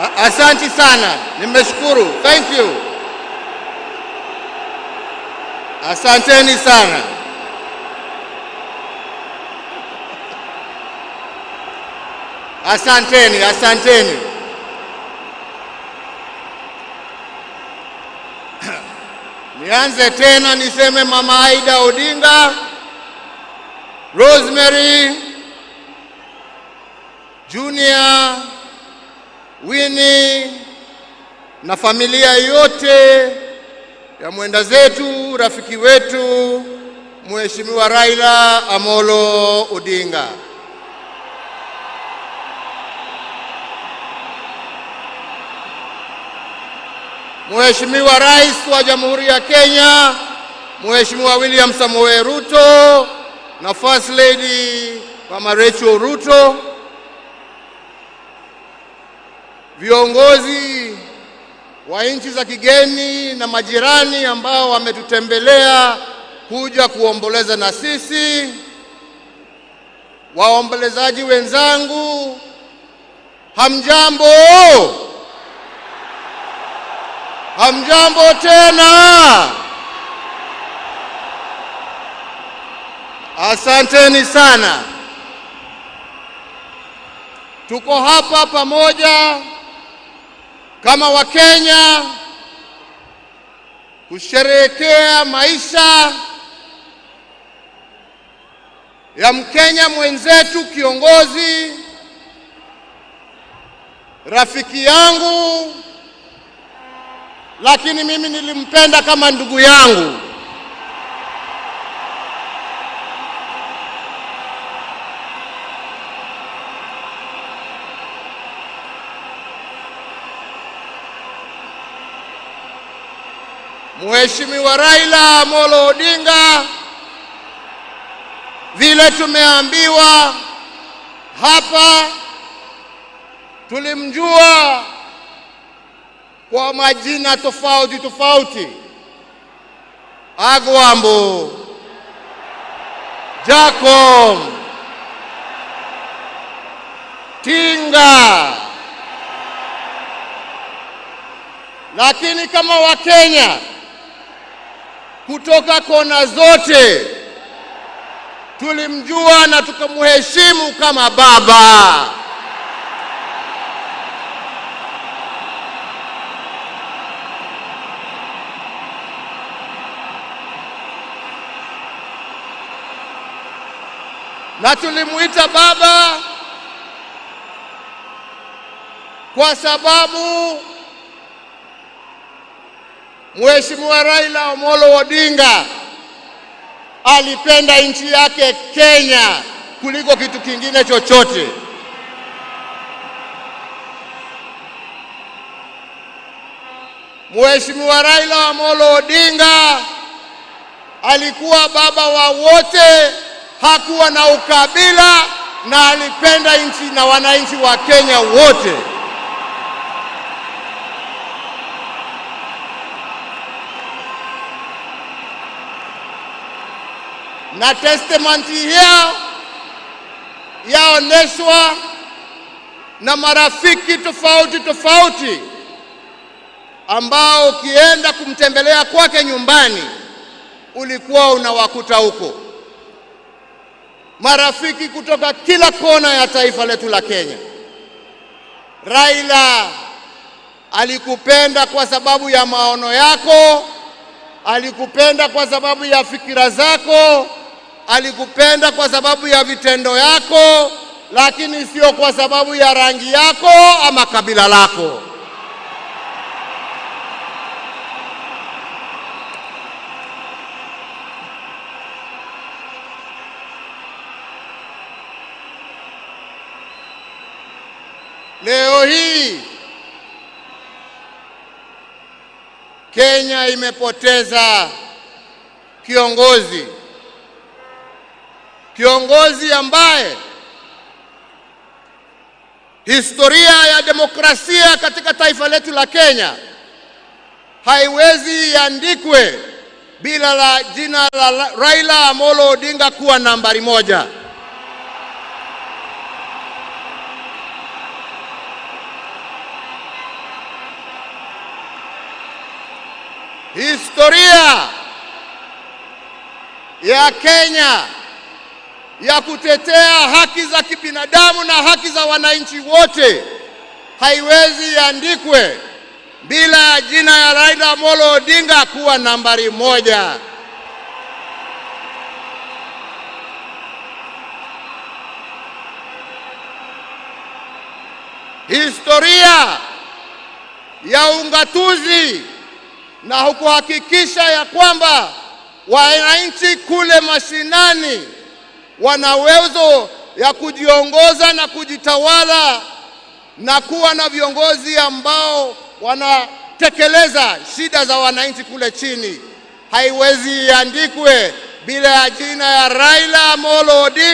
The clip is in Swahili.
Asanti sana, nimeshukuru. Thank you, asanteni sana. Asanteni, asanteni. Nianze tena niseme Mama Aida Odinga, Rosemary Junior wini na familia yote ya mwenda zetu rafiki wetu Mheshimiwa Raila Amolo Odinga. Mheshimiwa Rais wa Jamhuri ya Kenya, Mheshimiwa William Samoei Ruto na First Lady Mama Rachel Ruto viongozi wa nchi za kigeni na majirani ambao wametutembelea kuja kuomboleza na sisi, waombolezaji wenzangu, hamjambo? Hamjambo tena. Asanteni sana. Tuko hapa pamoja kama Wakenya kusherehekea maisha ya Mkenya mwenzetu, kiongozi, rafiki yangu, lakini mimi nilimpenda kama ndugu yangu. Mheshimiwa Raila Amolo Odinga, vile tumeambiwa hapa, tulimjua kwa majina tofauti tofauti, Agwambo, Jacom, Tinga, lakini kama Wakenya kutoka kona zote. Tulimjua na tukamheshimu kama baba. na tulimuita baba kwa sababu Mheshimiwa Raila Omolo Odinga alipenda nchi yake Kenya kuliko kitu kingine chochote. Mheshimiwa Raila Amolo Odinga alikuwa baba wa wote, hakuwa na ukabila na alipenda nchi na wananchi wa Kenya wote. na testament hiyo yaoneshwa na marafiki tofauti tofauti ambao ukienda kumtembelea kwake nyumbani ulikuwa unawakuta huko marafiki kutoka kila kona ya taifa letu la Kenya. Raila alikupenda kwa sababu ya maono yako, alikupenda kwa sababu ya fikira zako, Alikupenda kwa sababu ya vitendo yako, lakini sio kwa sababu ya rangi yako ama kabila lako. Leo hii Kenya imepoteza kiongozi kiongozi ambaye historia ya demokrasia katika taifa letu la Kenya haiwezi iandikwe bila la jina la Raila Amolo Odinga kuwa nambari moja. Historia ya Kenya ya kutetea haki za kibinadamu na haki za wananchi wote haiwezi iandikwe bila ya jina ya Raila Amolo Odinga kuwa nambari moja. Historia ya ungatuzi na kuhakikisha ya kwamba wananchi kule mashinani wana uwezo ya kujiongoza na kujitawala na kuwa na viongozi ambao wanatekeleza shida za wananchi kule chini. Haiwezi iandikwe bila ya jina ya Raila Amolo Odinga.